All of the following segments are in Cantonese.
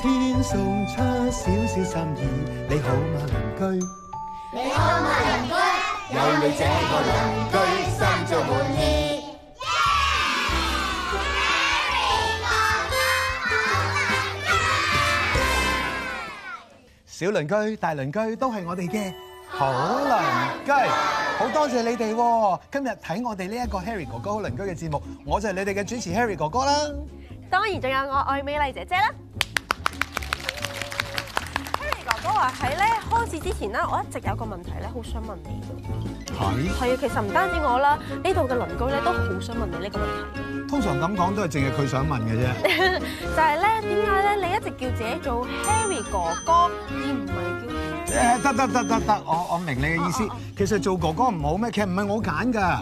天送出少少心意，你好嗎，鄰居？你好嗎，鄰居？有你這個鄰居，心中滿意。居小鄰居、大鄰居都係我哋嘅好鄰居，好多謝你哋。今日睇我哋呢一個 Harry 哥哥好鄰居嘅節目，我就係你哋嘅主持 Harry 哥哥啦。當然，仲有我愛美麗姐姐啦。哥哥話喺咧開始之前咧，我一直有個問題咧，好想問你。係是。係啊，其實唔單止我啦，呢度嘅鄰居咧都好想問你呢個問題。通常咁講都係淨係佢想問嘅啫。 就係、是、咧，點解咧？你一直叫自己做 Harry 哥哥，而唔係叫 Harry?。誒得得得得得，我我明你嘅意思。啊啊、其實做哥哥唔好咩？其實唔係我揀㗎。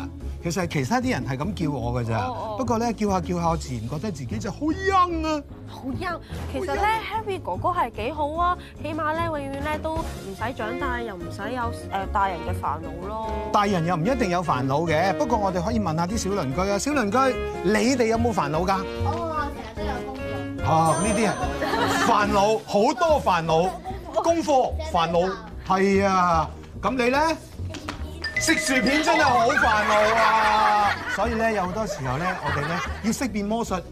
其實係其他啲人係咁叫我㗎咋，不過咧叫下叫下，我自然覺得自己就好 young 啊！好 young，其實咧，Harry 哥哥係幾好啊，起碼咧永遠咧都唔使長大，又唔使有誒大人嘅煩惱咯。大人又唔一定有煩惱嘅，不過我哋可以問下啲小鄰居啊，小鄰居，你哋有冇煩惱㗎？哦，成日都有功課。哦，呢啲人煩惱好多煩惱，功課煩惱係啊，咁你咧？食薯片真係好煩惱啊！所以咧，有好多時候咧，我哋咧要識變魔術，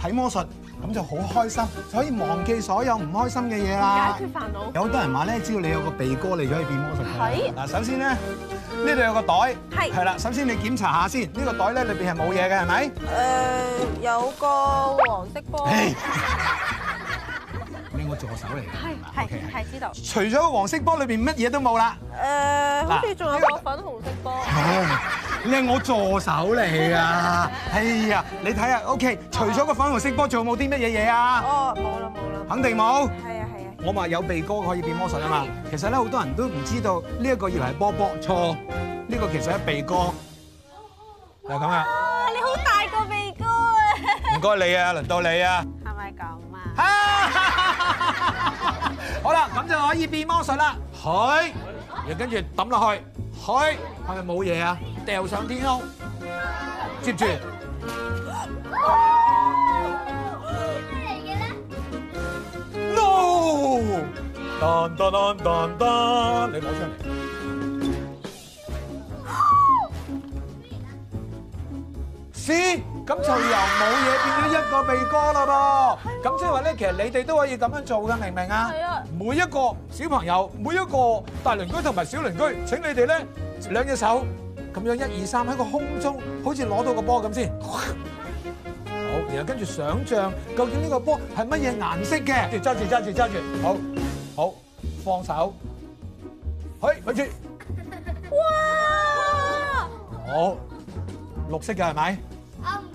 睇魔術咁就好開心，就可以忘記所有唔開心嘅嘢啦。解決煩惱。有好多人話咧，只要你有個鼻哥嚟咗去變魔術。係。嗱，首先咧，呢度有個袋。係。係啦，首先你檢查下先，呢個袋咧裏邊係冇嘢嘅，係咪？誒、呃，有個黃色波。 助手嚟嘅，係係知道。除咗個黃色波裏邊，乜嘢都冇啦。誒，好似仲有個粉紅色波。哦，你係我助手嚟噶。係啊，你睇下，OK，除咗個粉紅色波，仲有冇啲乜嘢嘢啊？哦，冇啦冇啦。肯定冇。係啊係啊。我話有鼻哥可以變魔術啊嘛。其實咧，好多人都唔知道呢一個以為係波波錯，呢個其實係鼻哥，係咁噶。哇！你好大個鼻哥啊！唔該你啊，輪到你啊。係咪咁啊？好啦，咁就可以變魔術啦。去，又跟住抌落去，去係咪冇嘢啊？掉上天空，接住。咩嚟嘅咧？No！你攞出嚟。師，咁就由冇嘢變咗一個鼻哥啦噃。咁即係話咧，其實你哋都可以咁樣做嘅，明唔明啊？係啊。每一個小朋友，每一個大鄰居同埋小鄰居，請你哋咧兩隻手咁樣一二三喺個空中，好似攞到個波咁先。好，然後跟住想像究竟呢個波係乜嘢顏色嘅？揸住揸住揸住揸住，好好放手。係，睇住。哇！好，綠色嘅係咪？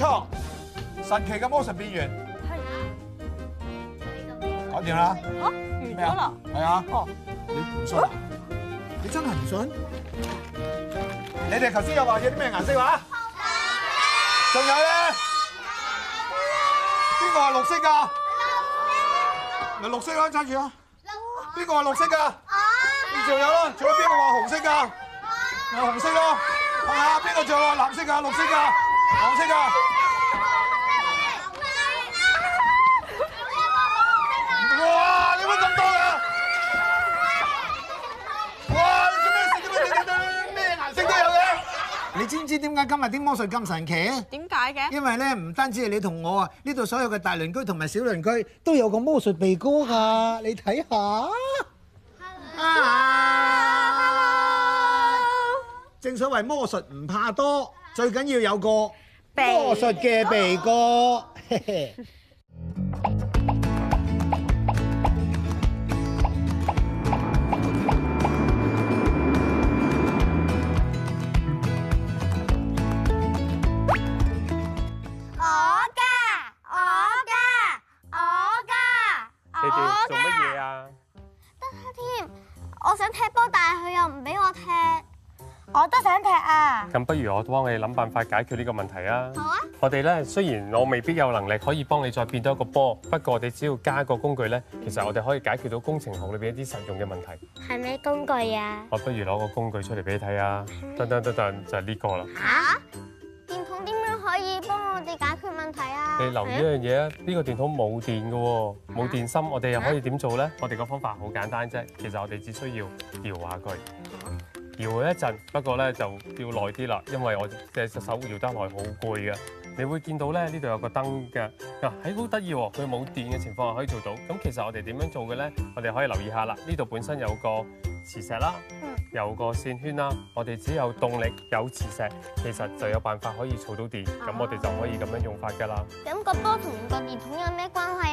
錯，神奇嘅魔術變完，係啊，搞掂啦，吓，遇到啦，係啊，哦，你唔信？你真係唔信？你哋頭先又話有啲咩顏色話？仲有咧？邊個話綠色噶？咪綠色咯，揸住啊。邊個話綠色噶？仲有咯，仲有邊個話紅色噶？咪紅色咯，係啊，邊個仲有藍色噶？綠色噶？紅色啊！哇，點解咁多嘅？哇，做咩事？做咩事？咩顏色都有嘅？你知唔知點解今日啲魔術咁神奇啊？點解嘅？因為咧，唔單止係你同我啊，呢度所有嘅大鄰居同埋小鄰居都有個魔術鼻哥噶，你睇下啊！正所謂魔術唔怕多，最緊要有個。魔術嘅鼻哥、哦， 我噶我噶我噶我噶，你做乜嘢啊？得添，我想踢波，但係佢又唔俾我踢。我都想踢啊！咁不如我幫你諗辦法解決呢個問題啊！好啊！我哋咧，雖然我未必有能力可以幫你再變多一個波，不過我哋只要加個工具咧，其實我哋可以解決到工程行裏邊一啲實用嘅問題。係咩工具啊？我不如攞個工具出嚟俾你睇啊！噔噔噔噔就係呢個啦！吓，電筒點樣可以幫我哋解決問題啊？你留意一樣嘢啊！呢個電筒冇電嘅，冇電芯，我哋又可以點做咧？我哋個方法好簡單啫，其實我哋只需要搖下佢。搖一陣，不過咧就要耐啲啦，因為我隻隻手搖得耐好攰嘅。你會見到咧呢度有個燈嘅嗱、啊，係好得意喎，佢冇電嘅情況下可以做到。咁其實我哋點樣做嘅咧？我哋可以留意下啦。呢度本身有個磁石啦，有個線圈啦，我哋只有動力有磁石，其實就有辦法可以儲到電。咁我哋就可以咁樣用法嘅啦。咁個波同個電筒有咩關係？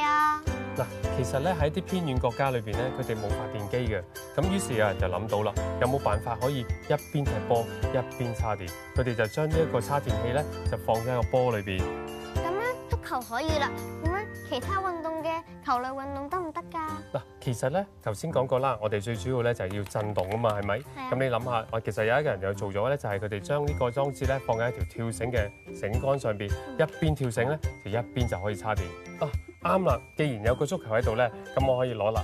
嗱，其實咧喺啲偏遠國家裏邊咧，佢哋冇發電機嘅，咁於是就想到有人就諗到啦，有冇辦法可以一邊踢波一邊叉電？佢哋就將呢一個叉電器咧，就放喺個波裏邊。咁咧，足球可以啦。咁咧，其他運動嘅球類運動得唔得㗎？嗱是的，其實咧頭先講過啦，我哋最主要咧就係要震動啊嘛，係咪？咁你諗下，我其實有一個人又做咗咧，就係佢哋將呢個裝置咧放喺一條跳繩嘅繩竿上邊，一邊跳繩咧就一邊就可以叉電啊。啱喇，既然有個足球喺度咧，咁我可以攞啦。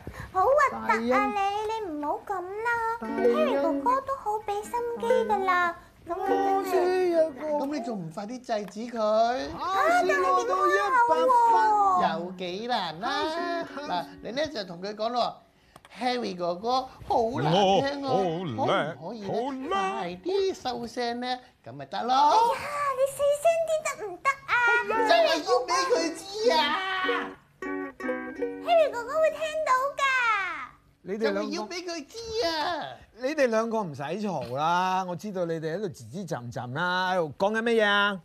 好核突啊你！你唔好咁啦，Harry 哥哥都好俾心機噶啦，咁我哋，嗱咁你仲唔快啲制止佢？考試攞到一百分有幾難啦？嗱，你咧就同佢講咯，Harry 哥哥好難聽呀，可唔可以咧快啲收聲咧？咁咪得咯？哎呀，你細聲啲得唔得啊？真係要俾佢知啊！Harry 哥哥會聽到。你哋兩個要俾佢知啊！你哋兩個唔使嘈啦，我知道你哋喺度吱吱斟斟啦，喺度講緊咩嘢啊？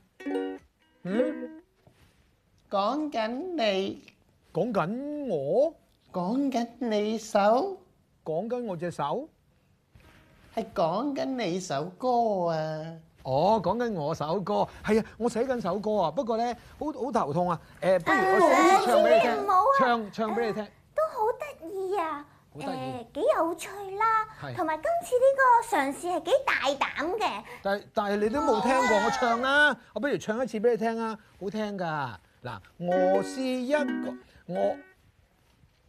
嗯，講緊你，講緊我，講緊你手，講緊我隻手，係講緊你首歌啊！哦，講緊我首歌，係啊，我寫緊首歌啊，不過咧，好好頭痛啊！誒，不如我唱俾你聽，唱唱俾你聽，都好得意啊！誒幾有趣啦、呃，同埋是 今次呢個嘗試係幾大膽嘅。但係但係你都冇聽過，我唱啦，我不如唱一次俾你聽啊，好聽㗎。嗱，我是一個我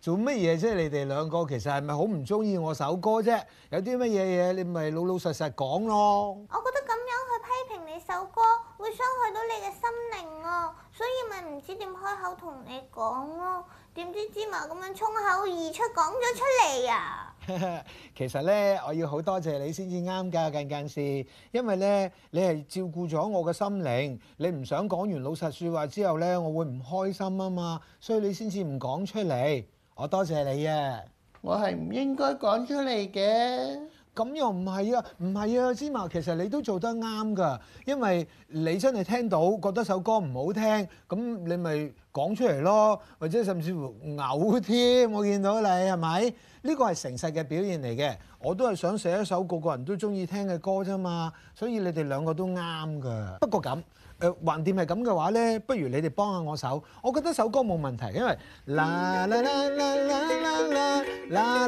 做乜嘢啫？你哋兩個其實係咪好唔中意我首歌啫？有啲乜嘢嘢，你咪老老實實講咯。我覺得咁樣去批評你首歌會傷害到你嘅心靈啊，所以咪唔知點開口同你講咯。點知芝麻咁樣衝口而出講咗出嚟呀、啊？ 其實咧，我要好多謝你先至啱㗎近近視，因為咧你係照顧咗我嘅心靈，你唔想講完老實説話之後咧，我會唔開心啊嘛，所以你先至唔講出嚟。我多謝，謝你啊！我係唔應該講出嚟嘅。咁又唔係啊，唔係啊，芝麻其實你都做得啱㗎，因為你真係聽到覺得首歌唔好聽，咁你咪講出嚟咯，或者甚至乎嘔添，我見到你係咪？呢個係誠實嘅表現嚟嘅，我都係想寫一首個個人都中意聽嘅歌啫嘛，所以你哋兩個都啱㗎。不過咁。誒橫掂係咁嘅話咧，不如你哋幫下我手。我覺得首歌冇問題，因為啦啦啦啦啦啦啦啦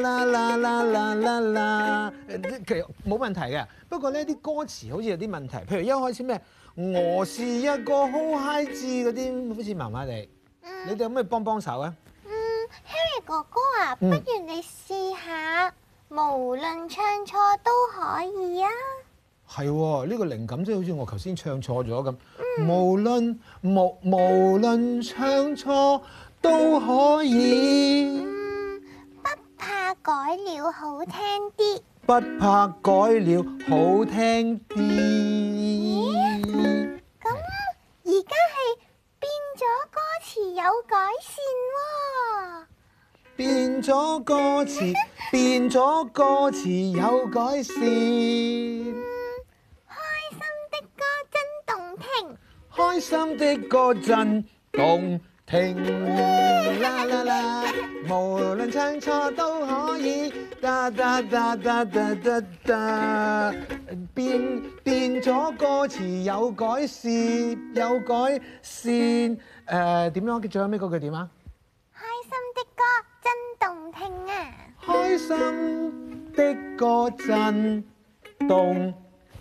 啦啦啦啦。其實冇問題嘅，不過呢啲歌詞好似有啲問題，譬如一開始咩，我是一個好嗨智嗰啲，好似麻麻地。你哋有咩幫幫手啊？嗯，Harry 哥哥啊，不如你試下無論唱錯都可以啊。係喎，呢、這個靈感即係好似我頭先唱錯咗咁、嗯。無論無，無論唱錯都可以，不怕改了好聽啲，不怕改了好聽啲。咁而家係變咗歌詞有改善喎。哦，變咗歌詞， 變咗歌詞有改善，嗯嗯開心的歌真動聽，啦啦啦！無論唱錯都可以，噠噠噠噠噠噠變變咗歌詞有改，是有改善。先、呃、誒，點樣？最後尾嗰句點啊？開心的歌真動聽啊！開心的歌真動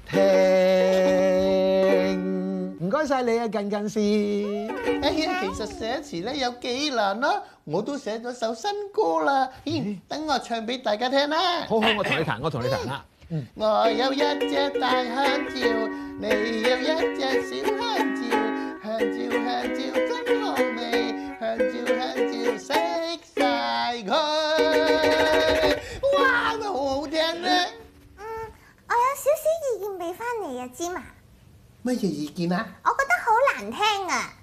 聽。唔該曬你啊，近近視。哎呀，其實寫詞咧有幾難啦，我都寫咗首新歌啦，咦？等我唱俾大家聽啦。好好，我同你彈，我同你彈啦。嗯。我有一隻大香蕉，你有一隻小香蕉，香蕉香蕉真好味，香蕉香蕉食曬佢。哇，都好好聽咧？嗯，我有少少意見俾翻你啊，芝麻。乜嘢意見啊？我覺得好難聽啊！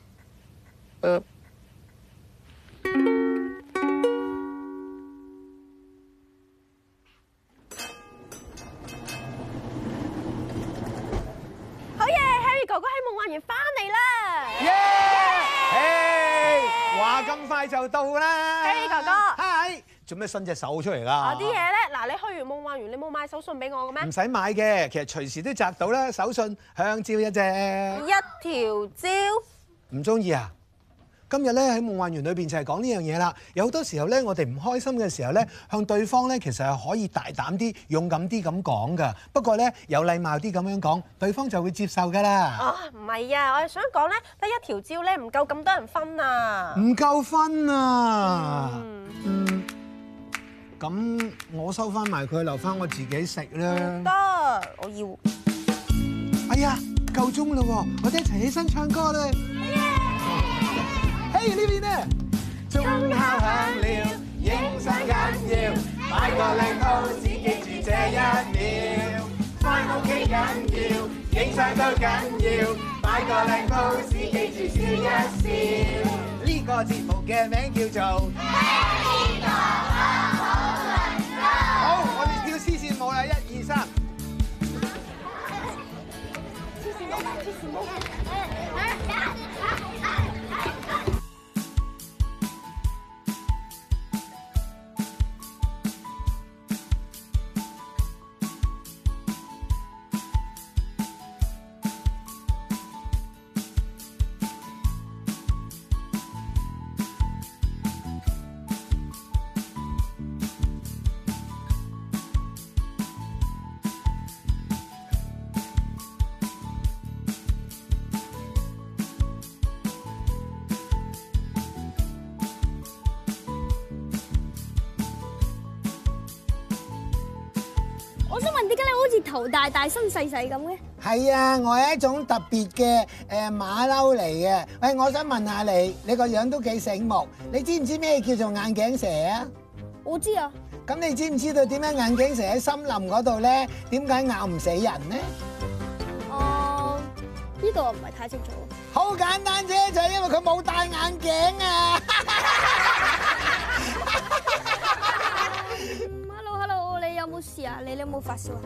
好嘢，Harry 哥哥喺夢幻園翻嚟啦！耶！哇，咁快就到啦！Harry 哥哥，嗨，做咩伸隻手出嚟啦？啲嘢咧。你去完夢幻園，你冇買手信俾我嘅咩？唔使買嘅，其實隨時都摘到啦。手信，香蕉一隻，一條蕉，唔中意啊！今日咧喺夢幻園裏邊就係講呢樣嘢啦。有好多時候咧，我哋唔開心嘅時候咧，向對方咧其實係可以大膽啲、勇敢啲咁講噶。不過咧，有禮貌啲咁樣講，對方就會接受噶啦。哦，唔係啊，我係想講咧，得一條蕉咧，唔夠咁多人分啊，唔夠分啊。嗯，咁我收翻埋佢，留翻我自己食啦。得，我要。哎呀，夠鐘啦喎，我哋一齊起身唱歌啦。喺呢邊咧，鐘敲響了，影相緊要，擺個靚 pose 記住這一秒。翻屋企緊要，影相都緊要，擺個靚 pose 記住。笑一笑。呢個節目嘅名叫做。頭大大身細細咁嘅。係啊，我係一種特別嘅誒，馬騮嚟嘅。喂，我想問下你，你個樣都幾醒目，你知唔知咩叫做眼鏡蛇啊？我知啊。咁你知唔知道點解眼鏡蛇喺森林嗰度咧？點解咬唔死人咧？哦，呢個唔係太清楚。好簡單啫，就係因為佢冇戴眼鏡啊！Hello Hello，你有冇事啊？你有冇發燒啊？